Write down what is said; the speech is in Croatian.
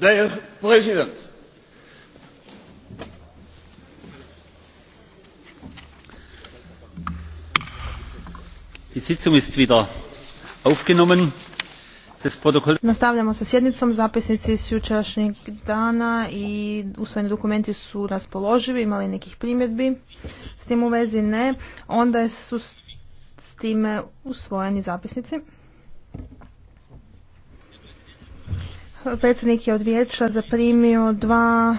Dear President, die Sitzung ist wieder aufgenommen. Nastavljamo sa sjednicom, zapisnici s jučerašnjeg dana i usvojeni dokumenti su raspoloživi, imali nekih primjedbi, s tim u vezi ne, onda su s time usvojeni zapisnici. Predsjednik je od vijeća zaprimio dva